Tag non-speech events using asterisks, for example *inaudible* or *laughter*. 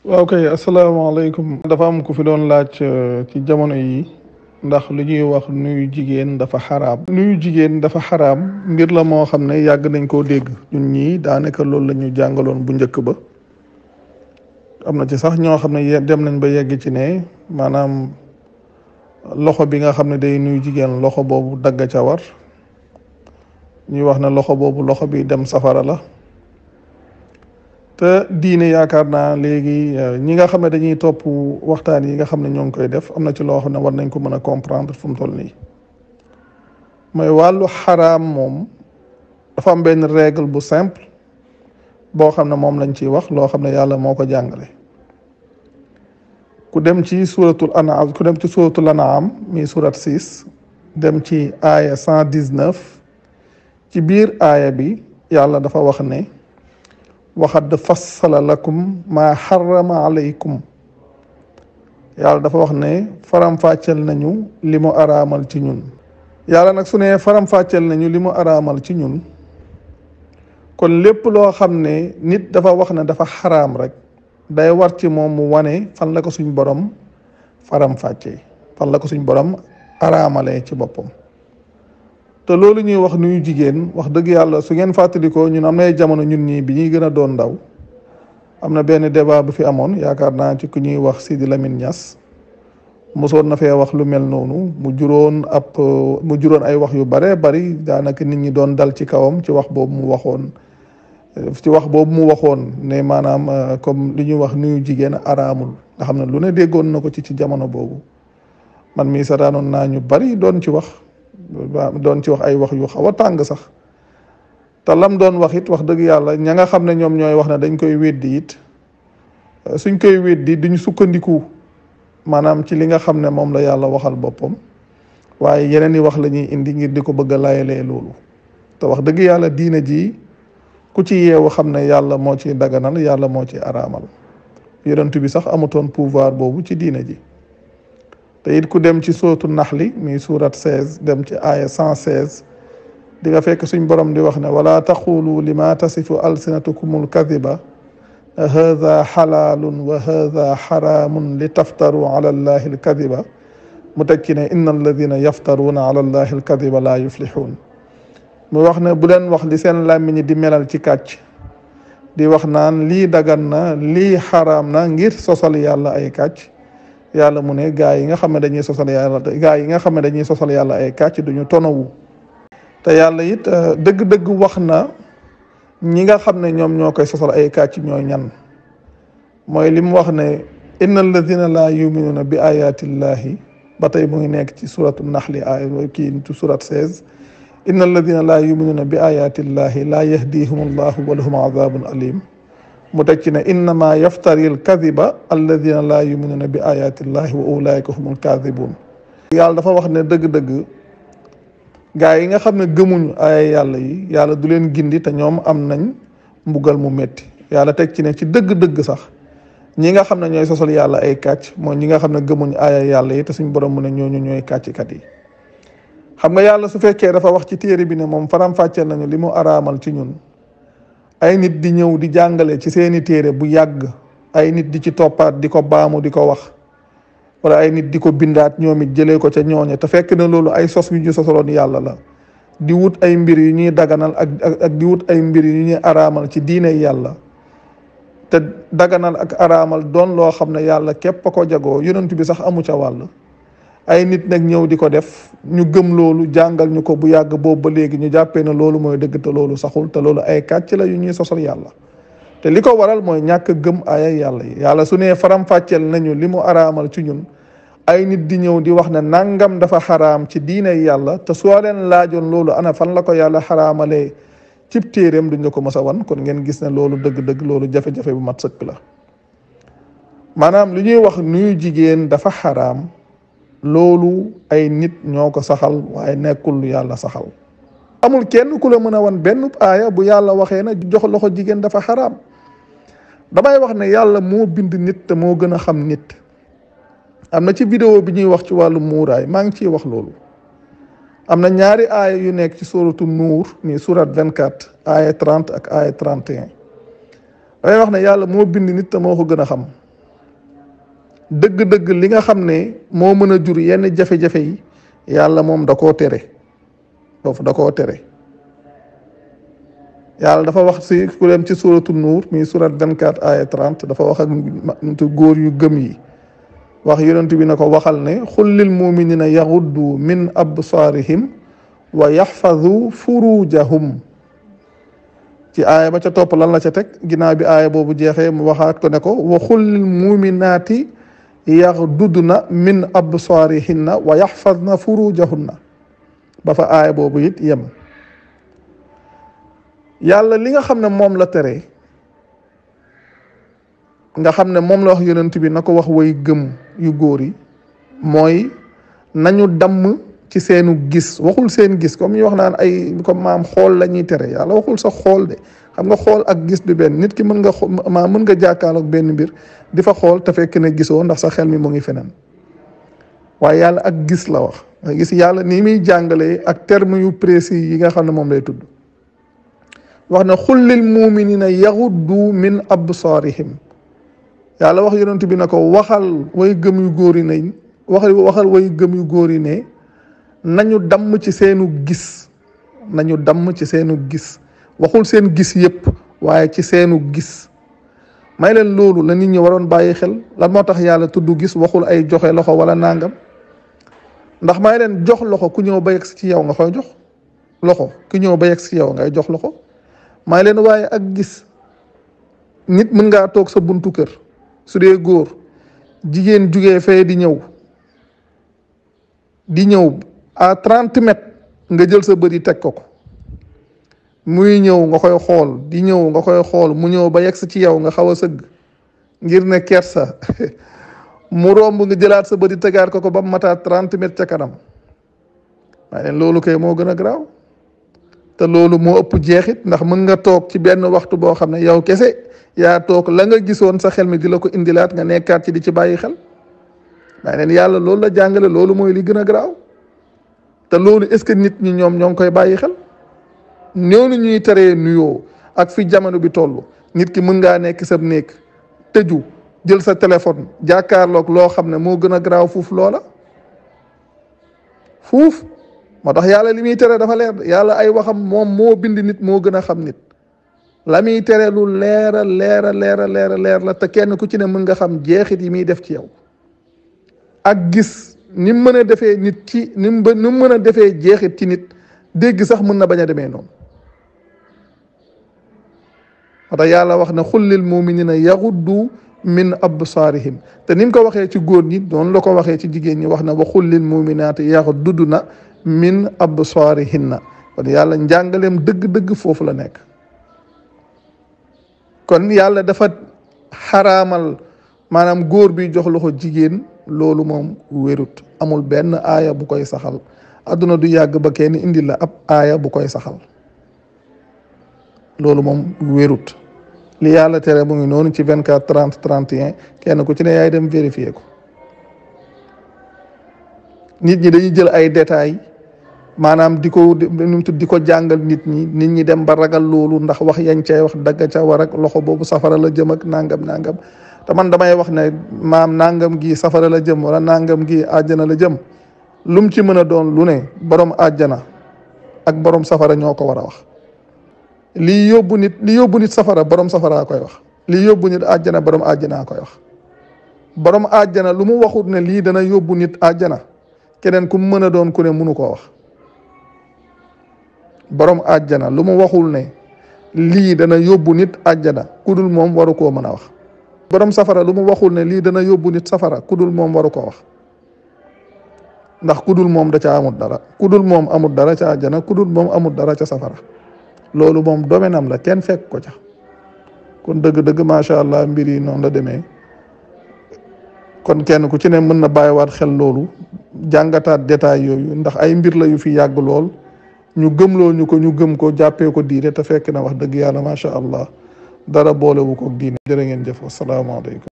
waaw kay asalaamaaleykum dafa am ku fi doon laaj euh, ci jamono yi ndax lu ñuy wax nuyu jigéen dafa xaraam nuyu jigéen dafa xaraam mbir la moo xam ne yàgg nañ koo dégg ñun ñii daanaka loolu la jàngaloon bu njëkk ba am na ci sax ñoo xam ne dem nañ ba yegg ci ne maanaam loxo bi nga xam ne day nuyu jigéen loxo boobu dagg ca war ñuy wax ne loxo boobu loxo bi dem safara la te diine yaakaar naa léegi euh, ñi nga xam ne dañuy topp waxtaan yi nga xam ne ñoo koy def am na ci loo xam ne war nañ ko mën a comprendre fu mu toll nii mooy wàllu xaraam moom dafa am benn règle bu simple boo xam ne moom lañ ciy wax loo xam ne yàlla moo ko jàngale ku dem ci suratul anaam ku dem ci suratul anaam mi surat six dem ci aaya cent dix ci biir aaya bi yàlla dafa wax ne waxad fassala lakum maa xarama alaykum yàlla dafa wax ne faram-fàcceel nañu li mu araamal ci ñun yàlla nag su ne faram-fàcceel nañu li mu araamal ci ñun kon lépp loo xam ne nit dafa wax ne dafa xaraam rek day war ci moom mu wane fan la ko suñ borom faram-fàccee fan la ko suñ borom araamalee ci boppam te loolu ñuy wax nuyu jigéen wax dëgg yàlla su ngeen fàttalikoo ñun am na ay jamono ñun ñii bi ñuy gën a doon ndaw am na benn débat bu fi amoon yaakaar naa ci ku ñuy wax Sidi Lamine Niass mosoon na fee wax lu mel noonu mu juróon ab mu juróon ay wax yu bare bari daanaka nit ñi doon dal ci kawam ci wax boobu mu waxoon ci wax boobu mu waxoon ne maanaam comme li ñuy wax nuyu jigéen a araamul nga xam ne lu ne déggoon na ko ci ci jamono boobu man mii sataanoon naa ñu bari doon ci wax doon ci wax ay wax yu xaw a tàng sax te lam doon wax it wax dëgg yàlla ña nga xam ne ñoom ñooy wax ne dañ koy weddi it euh, suñ koy weddi duñ sukkandiku maanaam ci li nga xam ne moom la yàlla waxal boppam waaye yeneen yi wax lañuy indi ngir di ko bëgg a layalee loolu te wax dëgg yàlla diina ji ku ci yeewu xam ne yàlla moo ci daganal yàlla moo ci araamal yonent bi sax amutoon pouvoir boobu ci diina ji te it ku dem ci sootu naxli muy suurat seize dem ci aaya cent seize di nga fekk suñ borom di wax ne wala taqulu lima tasifu alsinatukumul kadiba hada xalaalun wa hada xaraamun li taftaru ala allahi alkadiba mu teg ci ne inna alladina yaftaruuna ala allahi alkadiba laa yuflixuun mu wax ne bu leen wax li seen làmmiñi di melal ci kàcc di wax naan lii dagan na lii xaraam na ngir sosal yàlla ay kàcc yàlla mu ne gaa yi nga xamne dañuy sosal yàlla gaay yi nga xamne dañuy sosal yàlla ay kàcc duñu tonawu te yàlla yit deug deug waxna ñi nga xamne ñom ñokay sosal ay kàcc ñoy ñan moy lim mu wax ne inna alladina laa yuminuuna bi ayati llahi batay mu ngi nek ci suratul nahl ay ki ci surat 16 innal ladhina la yu'minuna bi ayati llahi la yahdihimullahu wa lahum azabun alim mu teg ci ne innama yaftari l kadiba alladina laa ne bi ayatillahi wa ulaika humul kadibun yàlla dafa wax ne dëgg-dëgg gaa yi nga xam ne gëmuñu ay yàlla yi yàlla du leen gindi te ñoom am nañ mbugal mu metti yàlla teg ci ne ci dëgg-dëgg sax ñi nga xam ne ñooy sosal yàlla ay kàcc mooy ñi nga xam ne gëmuñ aaya yàlla yi te suñ borom mu ne ñooñu ñooy kàcckat yi xam nga yàlla su fekkee dafa wax ci téere bi ne moom faram fàccee nañu li mu araamal ci ñun ay nit di ñëw di jàngale ci seeni téere bu yàgg ay nit di ci toppaat di ko baamu di ko wax wala ay nit di ko bindaat ñoom it jëlee ko ca ñooña te fekk na loolu ay sos yu ñu sosaloon yàlla la di wut ay mbir yu ñuy daganal ak ak ay mbir yu ñuy araamal ci diine yàlla te daganal ak araamal doon loo xam ne yàlla képp a ko jagoo yonent bi sax amu ca wàll ay nit nag ñëw di ko def ñu gëm loolu jàngal ñu ko bu yàgg boobu ba léegi ñu jàppee na loolu mooy dëgg te loolu saxul te loolu ay kàcc la yu ñuy sosal yàlla te li ko waral mooy ñàkk gëm aaya yàlla yi yàlla su nee faram-fàcceel nañu li mu araamal ci ñun ay nit di ñëw di wax ne nàngam dafa xaraam ci diine yàlla te soo leen laajoon loolu ana fan la ko yàlla xaraamalee cib téeréem duñ la ko mës a wan kon ngeen gis ne loolu dëgg-dëgg loolu jafe-jafe bu mat sëkk la maanaam lu ñuy wax nuyu jigéen dafa xaraam loolu ay nit ñoo ko saxal waaye nekkul lu yàlla saxal amul kenn ku la mën a wan benn aaya bu yàlla waxee na jox loxo jigéen dafa xaraam damay wax ne yàlla moo bind nit te moo gën a xam nit am na ci vidéo bi ñuy wax ci wàllu muuraay maa ngi ciy wax loolu am na ñaari aaya yu nekk ci suratu nuur ni surat 24 aaya 30 ak aaya 31 damay wax ne yàlla moo bind nit te moo ko gën a xam deug deug li nga xamne mo meuna jur yenn jafe-jafe yi yàlla mom dako tere fofu dako tere yàlla dafa wax ci ku dem ci suratul nur mi surat 24 ayat 30 dafa wax ak nitu gor yu gëm yi wax yonent bi nako waxal ne xul lil muminina yaghuddu min absarihim wa yahfazu furujahum ci aya ba ca top lan la ca tek ginnaaw bi aaya boobu jeexee mu waxat ko ne ko wa xul lil muminaati na min absaarihinna wa yaxfadna na ba fa aaya boobu it yem yàlla li nga xam ne moom la tere nga xam ne moom la wax yonent bi na ko wax way gëm yu góor yi mooy nañu damm ci seenu gis waxul seen gis comme ñu wax naan ay comme maam xool la ñuy tere yàlla waxul sa xool de xam nga xool ak gis du benn nit ki mën nga maa mën nga jàkkaarloog benn mbir di fa xool te fekk ne gisoo ndax sa xel mi mu ngi feneen waaye yàlla ak gis la wax nga gis yàlla ni muy jàngalee ak terme yu précis yi nga xam ne moom lay tudd wax na xul lil muminina yaxuddu min absaarihim yàlla wax yonent bi na ko waxal way gëm yu góor yi nañ wax waxal way gëm yu góor yi ne nañu damm ci seenu gis nañu damm ci seenu gis waxul seen gis yépp waaye ci seenu gis may leen loolu la nit ñi waroon bàyyi xel lan moo tax yàlla tudd gis waxul ay joxe loxo wala nangam ndax may leen jox loxo ku ñëw ba yegg ci yow nga koy jox loxo ku ñëw ba yegg ci yow ngay jox loxo may leen waaye ak gis nit mën ngaa toog sa buntu kër su dee góor jigéen jugee fee di ñëw di ñëw à trente mètres nga jël sa teg ko ko muy ñëw nga koy xool di ñëw nga koy xool mu ñëw ba yegsi ci yow nga xaw a sëgg ngir ne kersa *laughs* mu romb nga jëlaat sa bëri tegaat ko ko ba mu mataat trente mètres ca kanam waaye loolu kay moo gën a garaaw te loolu moo ëpp jeexit ndax mën nga toog ci benn waxtu boo xam ne yow kese yaa toog la nga gisoon sa xel mi di la ko indilaat nga nekkaat ci di ci bàyyi xel maa leen yàlla loolu la jàngale loolu mooy li gën a garaaw te loolu est-ce que nit ñi ñoom ñoo ngi koy bàyyi xel. néew na ñuy taree nuyoo ak fi jamono bi toll nit ki mën ngaa nekk sa néeg tëju jël sa téléphone jàkkaarloog loo xam ne moo gën a garaaw fuuf loola fuuf moo tax yàlla li muy tere dafa leer yàlla ay waxam moom moo bind nit moo gën a xam nit lami muy tere lu leera leera leera a leer leer a te kenn ku ci ne mën nga xam jeexit yi muy def ci yow ak gis ni mu mën a defee nit ci ni mu ni mu mën a defee jeexit ci nit dégg sax mën na bañ a demee noonu moo tax yàlla wax ne xullil muminina yaxuddu min absaarihim te nim mu ko waxee ci góor ñi doon looko ko waxee ci jigéen ñi wax na wa xullil muminaati yaxuddu na min na kon yàlla njàngaleem dëgg-dëgg foofu la nekk kon yàlla dafa xaraamal maanaam góor bi jox loxo jigéen loolu moom wérut amul benn aaya bu koy saxal adduna du yàgg ba kenn indi la ab aaya bu koy saxal loolu moom wérut li yàlla tere mu ngi noonu ci vingt quatre trente trente et un kenn ku ci ne yaay dem vérifier ko nit ñi dañuy jël ay détails maanaam di ko nu tudd di ko jàngal nit ñi nit ñi dem ba ragal loolu ndax wax yañ cay wax dagg ca war ak loxo boobu safaral la jëm ak nangam nangam te man damay wax ne maam nangam gi safara la jëm wala nangam gi àjjana la jëm lum ci mën a doon lu ne borom àjjana ak borom safara ñoo ko war a wax. lii yóbbu nit li yóbbu nit safara borom safaraa koy wax lii yóbbu nit àjjana borom àjjanaa koy wax boroom àjjana lu mu waxut ne lii dana yóbbu nit àjjana keneen ku mën a doon ku ne munu koo wax borom àjjana lu mu waxul ne lii dana yóbbu nit àjjana ku dul moom waru koo mën a wax borom safara lu mu waxul ne lii dana yóbbu nit safara ku dul moom waru koo wax ndax ku moom da ca amut dara ku dul moom amut dara ca àjjana ku dul moom amut dara ca safara loolu moom domaine am la kenn fekk ko ca kon dëgg-dëgg macha allah mbir yi noonu la demee kon kenn ku ci ne mën na bàyyiwaat xel loolu jàngataat détail yooyu ndax ay mbir la yu fi yàgg lool ñu gëm gëmloo ñu ko ñu gëm ko jàppee ko diine te fekk na wax dëgg yàlla macha allah dara boolewu ko diine jërë ngeen jëf wasalaamaaleykum